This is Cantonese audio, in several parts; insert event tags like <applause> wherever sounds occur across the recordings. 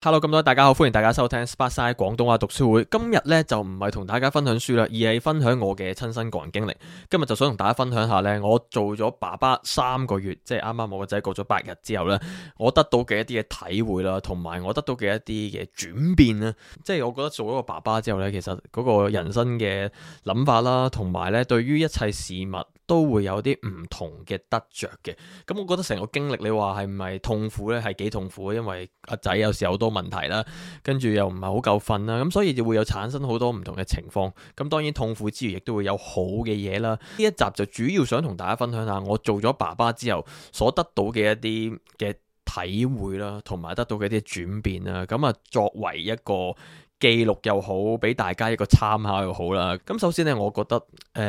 hello，咁多位大家好，歡迎大家收聽 Sparksine 廣東話讀書會。今日咧就唔係同大家分享書啦，而係分享我嘅親身個人經歷。今日就想同大家分享下咧，我做咗爸爸三個月，即係啱啱我個仔過咗八日之後咧，我得到嘅一啲嘅體會啦，同埋我得到嘅一啲嘅轉變啊。即係我覺得做咗個爸爸之後咧，其實嗰個人生嘅諗法啦，同埋咧對於一切事物，都會有啲唔同嘅得着嘅，咁我覺得成個經歷，你話係唔係痛苦呢？係幾痛苦。因為阿仔有時好多問題啦，跟住又唔係好夠瞓啦，咁所以就會有產生好多唔同嘅情況。咁當然痛苦之餘，亦都會有好嘅嘢啦。呢一集就主要想同大家分享下我做咗爸爸之後所得到嘅一啲嘅體會啦，同埋得到嘅一啲轉變啦。咁啊，作為一個記錄又好，俾大家一個參考又好啦。咁首先呢，我覺得誒。呃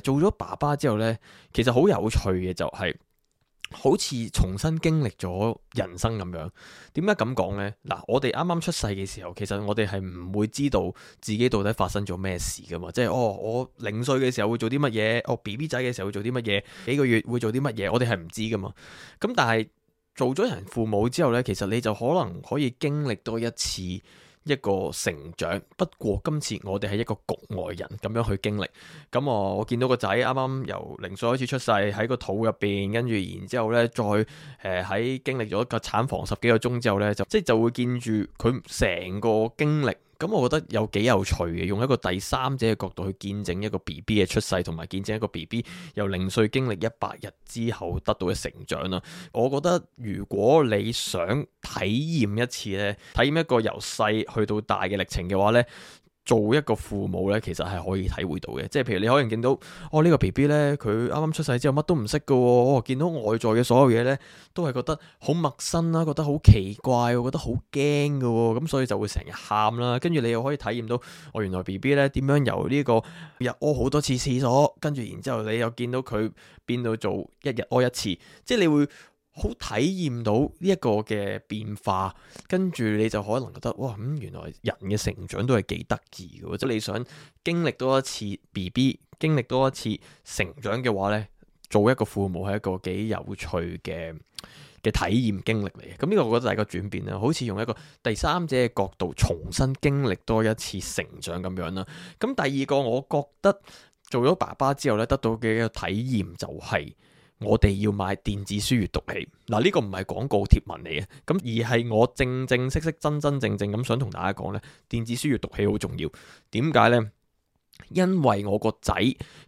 做咗爸爸之後呢，其實好有趣嘅就係，好似重新經歷咗人生咁樣。點解咁講呢？嗱，我哋啱啱出世嘅時候，其實我哋係唔會知道自己到底發生咗咩事噶嘛。即係哦，我零歲嘅時候會做啲乜嘢？哦，BB 仔嘅時候會做啲乜嘢？幾個月會做啲乜嘢？我哋係唔知噶嘛。咁但係做咗人父母之後呢，其實你就可能可以經歷多一次。一個成長，不過今次我哋係一個局外人咁樣去經歷，咁我我見到個仔啱啱由零歲開始出世喺個肚入邊，跟住然之後呢再誒喺、呃、經歷咗個產房十幾個鐘之後呢，就即係就會見住佢成個經歷。咁我覺得有幾有趣嘅，用一個第三者嘅角度去見證一個 BB 嘅出世，同埋見證一個 BB 由零歲經歷一百日之後得到嘅成長啦。我覺得如果你想體驗一次咧，體驗一個由細去到大嘅歷程嘅話咧。做一個父母呢，其實係可以體會到嘅，即係譬如你可能見到，哦，呢個 B B 呢，佢啱啱出世之後乜都唔識噶，哦，見到外在嘅所有嘢呢，都係覺得好陌生啦，啊，覺得好奇怪，啊，我覺得好驚噶，咁所以就會成日喊啦，跟住你又可以體驗到，哦，原來 B B 呢點樣由呢個日屙好多次廁所，跟住然之後，後你又見到佢變到做一日屙一次，即係你會。好體驗到呢一個嘅變化，跟住你就可能覺得哇，咁原來人嘅成長都係幾得意嘅，或者你想經歷多一次 BB，經歷多一次成長嘅話呢，做一個父母係一個幾有趣嘅嘅體驗經歷嚟嘅。咁、這、呢個我覺得係個轉變啦，好似用一個第三者嘅角度重新經歷多一次成長咁樣啦。咁第二個我覺得做咗爸爸之後呢，得到嘅一個體驗就係、是。我哋要買電子書閱讀器，嗱、這、呢個唔係廣告貼文嚟嘅，咁而係我正正式式、真真正正咁想同大家講咧，電子書閱讀器好重要，點解咧？因為我個仔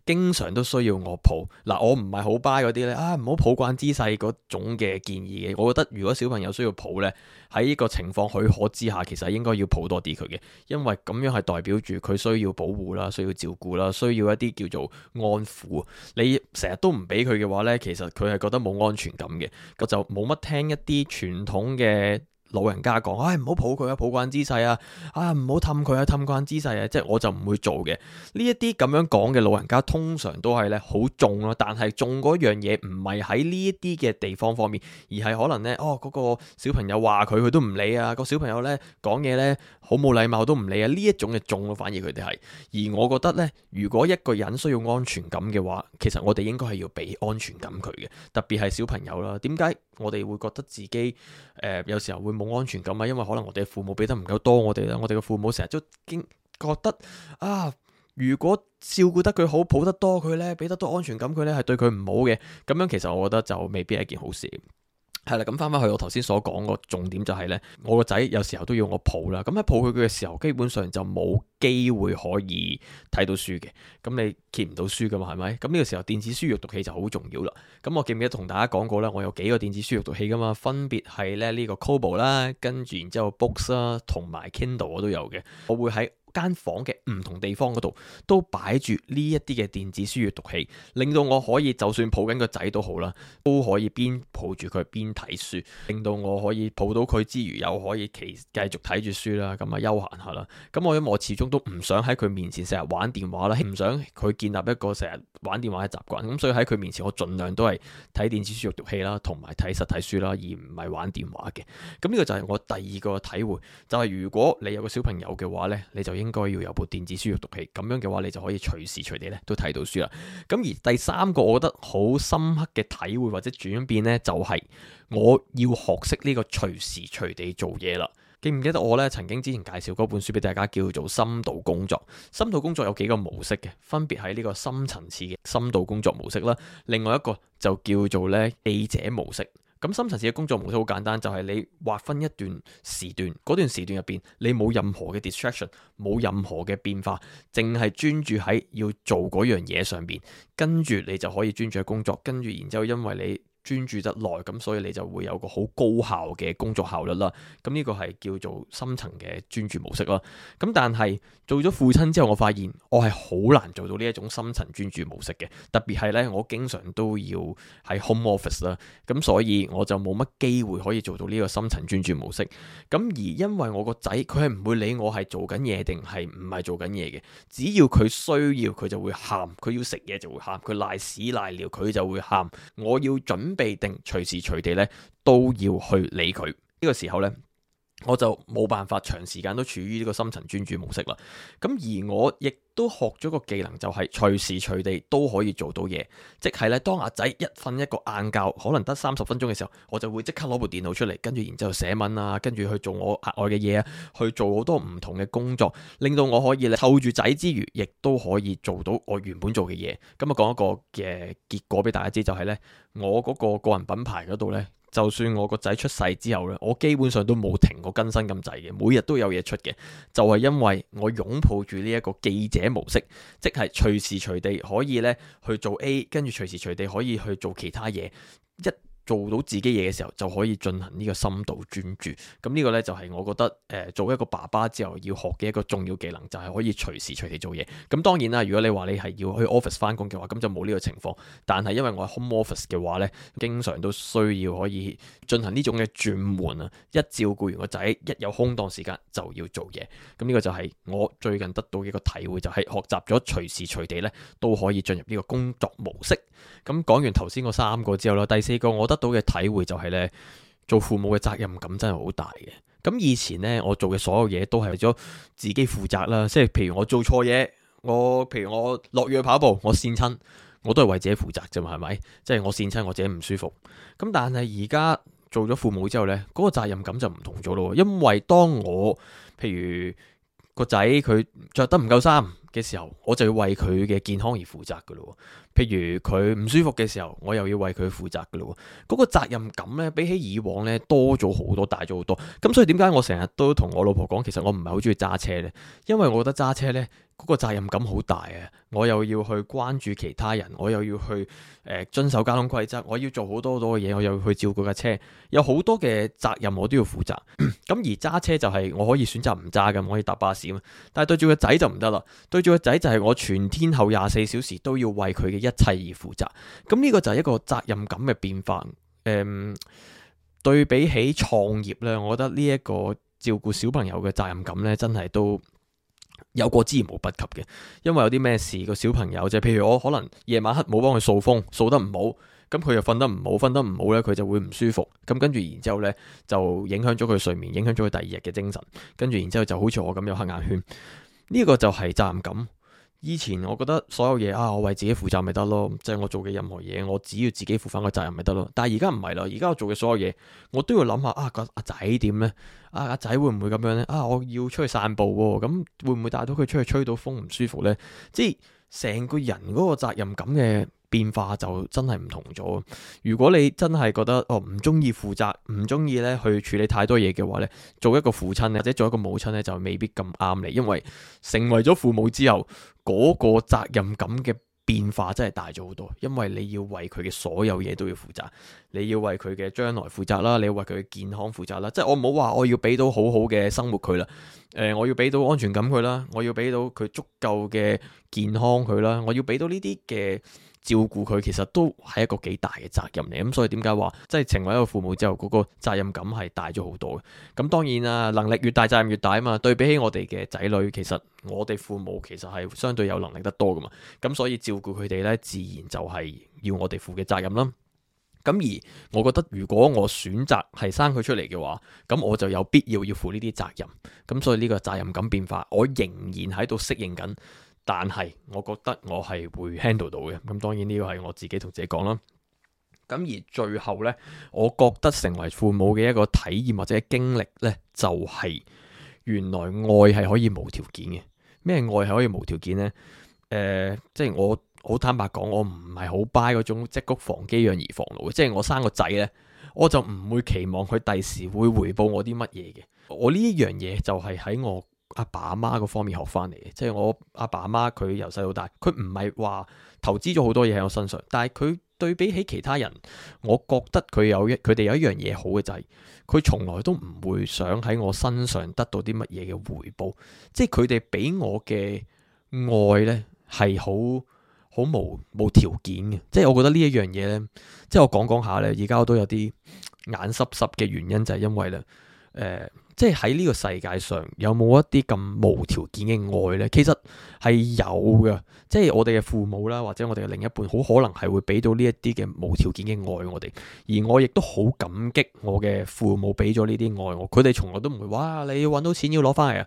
經常都需要我抱，嗱，我唔係好 buy 嗰啲咧啊，唔好抱慣姿勢嗰種嘅建議嘅。我覺得如果小朋友需要抱呢，喺呢個情況許可之下，其實係應該要抱多啲佢嘅，因為咁樣係代表住佢需要保護啦，需要照顧啦，需要一啲叫做安撫。你成日都唔俾佢嘅話呢，其實佢係覺得冇安全感嘅，咁就冇乜聽一啲傳統嘅。老人家講，唉，唔好抱佢啊，抱慣姿勢啊，啊，唔好氹佢啊，氹慣姿勢啊，即係我就唔會做嘅。呢一啲咁樣講嘅老人家，通常都係咧好縱咯。但係縱嗰樣嘢唔係喺呢一啲嘅地方方面，而係可能咧，哦嗰個小朋友話佢，佢都唔理啊。嗰個小朋友咧講嘢咧好冇禮貌，都唔理啊。呢一種嘅縱咯，反而佢哋係。而我覺得咧，如果一個人需要安全感嘅話，其實我哋應該係要俾安全感佢嘅，特別係小朋友啦。點解我哋會覺得自己誒、呃、有時候會？冇安全感啊，因為可能我哋嘅父母俾得唔夠多我哋啦，我哋嘅父母成日都經覺得啊，如果照顧得佢好，抱得多佢呢，俾得多安全感佢呢係對佢唔好嘅，咁樣其實我覺得就未必係一件好事。係啦，咁返返去我頭先所講個重點就係、是、咧，我個仔有時候都要我抱啦，咁、嗯、喺抱佢佢嘅時候，基本上就冇機會可以睇到書嘅，咁、嗯、你揭唔到書㗎嘛，係咪？咁、嗯、呢、這個時候電子書閱讀器就好重要啦。咁、嗯、我記唔記得同大家講過咧，我有幾個電子書閱讀器㗎嘛，分別係咧呢個 Kobo 啦，跟住然之後 Books 啦，同埋 Kindle 我都有嘅，我會喺。間房嘅唔同地方嗰度都擺住呢一啲嘅電子書閱讀器，令到我可以就算抱緊個仔都好啦，都可以邊抱住佢邊睇書，令到我可以抱到佢之餘又可以其繼續睇住書啦，咁啊休閒下啦。咁我因為我始終都唔想喺佢面前成日玩電話啦，唔想佢建立一個成日玩電話嘅習慣。咁所以喺佢面前，我盡量都係睇電子書閱讀器啦，同埋睇實體書啦，而唔係玩電話嘅。咁呢個就係我第二個體會，就係如果你有個小朋友嘅話呢，你就應。應該要有部電子書閲讀器，咁樣嘅話，你就可以隨時隨地咧都睇到書啦。咁而第三個，我覺得好深刻嘅體會或者轉變呢，就係我要學識呢個隨時隨地做嘢啦。記唔記得我咧曾經之前介紹嗰本書俾大家叫做深度工作？深度工作有幾個模式嘅，分別喺呢個深層次嘅深度工作模式啦，另外一個就叫做咧記者模式。咁深層次嘅工作模式好簡單，就係你劃分一段時段，嗰段時段入邊你冇任何嘅 distraction，冇任何嘅變化，淨係專注喺要做嗰樣嘢上邊，跟住你就可以專注喺工作，跟住然之後因為你專注得耐，咁所以你就會有個好高效嘅工作效率啦。咁呢個係叫做深層嘅專注模式啦。咁但係做咗父親之後，我發現我係好難做到呢一種深層專注模式嘅。特別係呢，我經常都要喺 home office 啦。咁所以我就冇乜機會可以做到呢個深層專注模式。咁而因為我個仔佢係唔會理我係做緊嘢定係唔係做緊嘢嘅，只要佢需要佢就會喊，佢要食嘢就會喊，佢瀨屎瀨尿佢就會喊。我要準備。必定隨時隨地咧都要去理佢，呢個個時候咧。我就冇辦法長時間都處於呢個深層專注模式啦。咁而我亦都學咗個技能，就是，就係隨時隨地都可以做到嘢，即係咧，當阿仔一瞓一個晏覺，可能得三十分鐘嘅時候，我就會即刻攞部電腦出嚟，跟住然之後寫文啊，跟住去做我額外嘅嘢啊，去做好多唔同嘅工作，令到我可以咧透住仔之餘，亦都可以做到我原本做嘅嘢。咁啊，講一個嘅、呃、結果俾大家知，就係咧，我嗰個個人品牌嗰度咧。就算我個仔出世之後咧，我基本上都冇停過更新咁滯嘅，每日都有嘢出嘅，就係因為我擁抱住呢一個記者模式，即係隨時隨地可以咧去做 A，跟住隨時隨地可以去做其他嘢一。做到自己嘢嘅時候，就可以進行呢個深度專注。咁呢個咧就係我覺得誒做一個爸爸之後要學嘅一個重要技能，就係可以隨時隨地做嘢。咁當然啦，如果你話你係要去 office 翻工嘅話，咁就冇呢個情況，但係因為我係 home office 嘅話咧，經常都需要可以進行呢種嘅轉換啊！一照顧完個仔，一有空檔時間就要做嘢。咁呢個就係我最近得到嘅一個體會，就係學習咗隨時隨地咧都可以進入呢個工作模式。咁講完頭先嗰三個之後啦，第四個我覺得。得到嘅體會就係呢，做父母嘅責任感真係好大嘅。咁以前呢，我做嘅所有嘢都係為咗自己負責啦，即係譬如我做錯嘢，我譬如我落雨去跑步，我跣親，我都係為自己負責啫嘛，係咪？即係我跣親，我自己唔舒服。咁但係而家做咗父母之後呢，嗰個責任感就唔同咗咯。因為當我譬如個仔佢着得唔夠衫嘅時候，我就要為佢嘅健康而負責噶咯。譬如佢唔舒服嘅時候，我又要為佢負責噶咯。嗰個責任感咧，比起以往咧多咗好多，大咗好多。咁所以點解我成日都同我老婆講，其實我唔係好中意揸車呢？因為我覺得揸車呢。嗰個責任感好大啊！我又要去關注其他人，我又要去誒、呃、遵守交通規則，我要做好多好多嘅嘢，我又要去照顧架車，有好多嘅責任我都要負責。咁 <coughs> 而揸車就係我可以選擇唔揸嘅，我可以搭巴士嘛。但係對住個仔就唔得啦，對住個仔就係我全天候廿四小時都要為佢嘅一切而負責。咁呢個就係一個責任感嘅變化。誒、嗯，對比起創業咧，我覺得呢一個照顧小朋友嘅責任感咧，真係都～有過之而無不及嘅，因為有啲咩事個小朋友即係，譬如我可能夜晚黑冇幫佢掃風，掃得唔好，咁佢又瞓得唔好，瞓得唔好呢，佢就會唔舒服，咁跟住然之後呢，就影響咗佢睡眠，影響咗佢第二日嘅精神，跟住然之後就好似我咁有黑眼圈，呢個就係責任感。以前我覺得所有嘢啊，我為自己負責咪得咯，即係我做嘅任何嘢，我只要自己負翻個責任咪得咯。但係而家唔係啦，而家我做嘅所有嘢，我都要諗下啊，個阿仔點呢？阿阿仔會唔會咁樣呢？啊，我要出去散步，咁會唔會帶到佢出去吹到風唔舒服呢？即係成個人嗰個責任感嘅。變化就真係唔同咗。如果你真係覺得哦，唔中意負責，唔中意咧去處理太多嘢嘅話咧，做一個父親或者做一個母親咧，就未必咁啱你。因為成為咗父母之後，嗰個責任感嘅變化真係大咗好多。因為你要為佢嘅所有嘢都要負責。你要為佢嘅將來負責啦，你要為佢嘅健康負責啦。即係我唔好話我要俾到好好嘅生活佢啦，誒、呃，我要俾到安全感佢啦，我要俾到佢足夠嘅健康佢啦，我要俾到呢啲嘅照顧佢，其實都係一個幾大嘅責任嚟。咁所以點解話即係成為一個父母之後，嗰、那個責任感係大咗好多嘅。咁當然啊，能力越大，責任越大啊嘛。對比起我哋嘅仔女，其實我哋父母其實係相對有能力得多㗎嘛。咁所以照顧佢哋咧，自然就係要我哋負嘅責任啦。咁而，我覺得如果我選擇係生佢出嚟嘅話，咁我就有必要要負呢啲責任。咁所以呢個責任感變化，我仍然喺度適應緊。但係，我覺得我係會 handle 到嘅。咁當然呢個係我自己同自己講啦。咁而最後呢，我覺得成為父母嘅一個體驗或者經歷呢，就係、是、原來愛係可以無條件嘅。咩愛係可以無條件呢？誒、呃，即係我。好坦白講，我唔係好 buy 嗰種積穀防飢，養兒防老，即係我生個仔呢，我就唔會期望佢第時會回報我啲乜嘢嘅。我呢樣嘢就係喺我阿爸阿媽嗰方面學翻嚟嘅，即係我阿爸阿媽佢由細到大，佢唔係話投資咗好多嘢喺我身上，但係佢對比起其他人，我覺得佢有一，佢哋有一樣嘢好嘅就係，佢從來都唔會想喺我身上得到啲乜嘢嘅回報，即係佢哋俾我嘅愛呢，係好。好無無條件嘅，即係我覺得呢一樣嘢呢，即係我講講下呢。而家我都有啲眼濕濕嘅原因，就係因為咧、呃，即係喺呢個世界上有冇一啲咁無條件嘅愛呢？其實係有嘅，即係我哋嘅父母啦，或者我哋嘅另一半，好可能係會俾到呢一啲嘅無條件嘅愛我哋，而我亦都好感激我嘅父母俾咗呢啲愛我，佢哋從來都唔會，哇！你要揾到錢要攞翻嚟啊！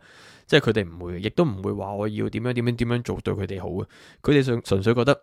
即係佢哋唔會，亦都唔會話我要點樣點樣點樣做對佢哋好啊！佢哋純純粹覺得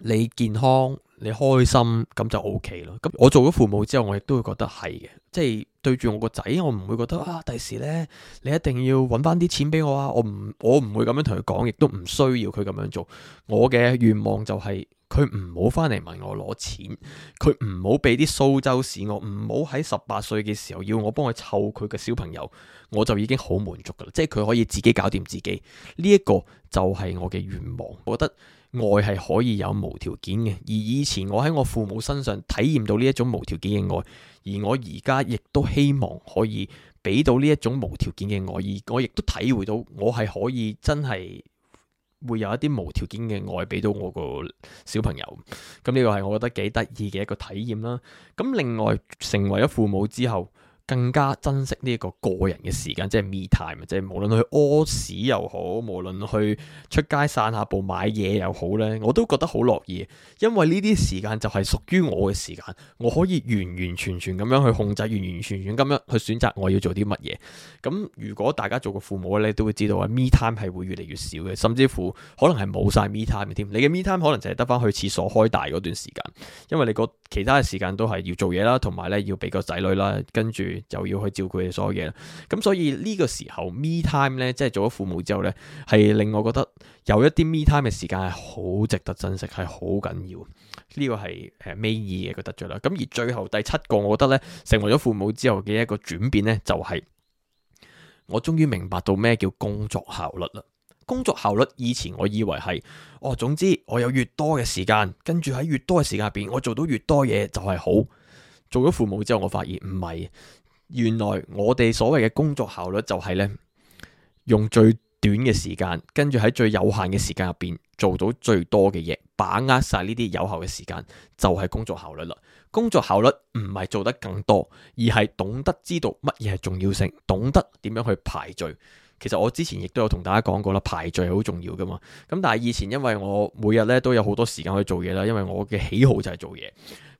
你健康、你開心咁就 O K 咯。咁我做咗父母之後，我亦都會覺得係嘅。即係對住我個仔，我唔會覺得啊！第時呢，你一定要揾翻啲錢俾我啊！我唔我唔會咁樣同佢講，亦都唔需要佢咁樣做。我嘅願望就係、是。佢唔好翻嚟問我攞錢，佢唔好俾啲蘇州屎我，唔好喺十八歲嘅時候要我幫佢湊佢嘅小朋友，我就已經好滿足噶啦。即係佢可以自己搞掂自己，呢一個就係我嘅願望。我覺得愛係可以有無條件嘅，而以前我喺我父母身上體驗到呢一種無條件嘅愛，而我而家亦都希望可以俾到呢一種無條件嘅愛意。我亦都體會到我係可以真係。會有一啲無條件嘅愛俾到我個小朋友，咁呢個係我覺得幾得意嘅一個體驗啦。咁另外成為咗父母之後，更加珍惜呢一個個人嘅時間，即係 me time，即係無論去屙屎又好，無論去出街散下步買嘢又好咧，我都覺得好樂意，因為呢啲時間就係屬於我嘅時間，我可以完完全全咁樣去控制，完完全全咁樣去選擇我要做啲乜嘢。咁如果大家做個父母咧，都會知道啊，me time 係會越嚟越少嘅，甚至乎可能係冇晒 me time 嘅添。你嘅 me time 可能就係得翻去廁所開大嗰段時間，因為你個其他嘅時間都係要做嘢啦，同埋咧要俾個仔女啦，跟住，就要去照顧你所有嘢啦，咁所以呢個時候 me time 咧，即係做咗父母之後呢係令我覺得有一啲 me time 嘅時間係好值得珍惜，係好緊要。呢、這個係誒 m a y i 嘅一個得着啦。咁而最後第七個，我覺得呢成為咗父母之後嘅一個轉變呢，就係、是、我終於明白到咩叫工作效率啦。工作效率以前我以為係哦，總之我有越多嘅時間，跟住喺越多嘅時間入邊，我做到越多嘢就係好。做咗父母之後，我發現唔係。原來我哋所謂嘅工作效率就係呢：用最短嘅時間，跟住喺最有限嘅時間入邊做到最多嘅嘢，把握晒呢啲有效嘅時間，就係工作效率啦。工作效率唔係做得更多，而係懂得知道乜嘢係重要性，懂得點樣去排序。其實我之前亦都有同大家講過啦，排序係好重要㗎嘛。咁但係以前因為我每日咧都有好多時間去做嘢啦，因為我嘅喜好就係做嘢，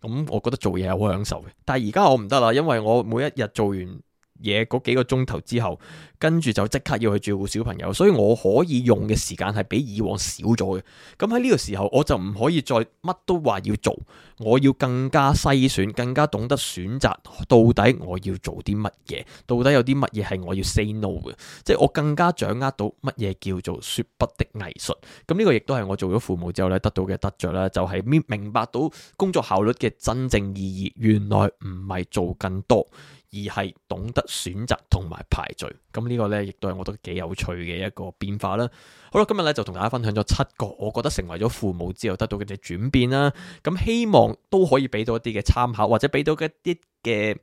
咁我覺得做嘢係好享受嘅。但係而家我唔得啦，因為我每一日做完嘢嗰幾個鐘頭之後，跟住就即刻要去照顧小朋友，所以我可以用嘅時間係比以往少咗嘅。咁喺呢個時候，我就唔可以再乜都話要做，我要更加篩選，更加懂得選擇，到底我要做啲乜嘢，到底有啲乜嘢係我要 say no 嘅，即係我更加掌握到乜嘢叫做說不的藝術。咁呢個亦都係我做咗父母之後咧得到嘅得着啦，就係明明白到工作效率嘅真正意義，原來唔係做更多。而係懂得選擇同埋排序，咁呢個呢亦都係我覺得幾有趣嘅一個變化啦。好啦，今日呢就同大家分享咗七個，我覺得成為咗父母之後得到嘅嘅轉變啦。咁希望都可以俾到一啲嘅參考，或者俾到一啲嘅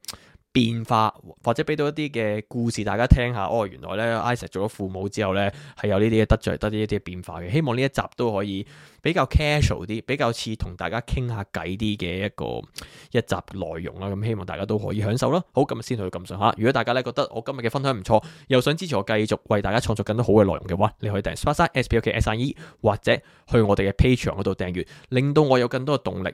變化或者俾到一啲嘅故事大家聽下，哦，原來咧，Isaac 做咗父母之後咧係有呢啲嘅得罪得呢一啲嘅變化嘅。希望呢一集都可以比較 casual 啲，比較似同大家傾下偈啲嘅一個一集內容啦。咁希望大家都可以享受囉。好，咁啊先去咁上下。如果大家咧覺得我今日嘅分享唔錯，又想支持我繼續為大家創作更多好嘅內容嘅話，你可以訂 Sparksine S P A R K S I N E，或者去我哋嘅 Patreon 嗰度訂閱，令到我有更多嘅動力。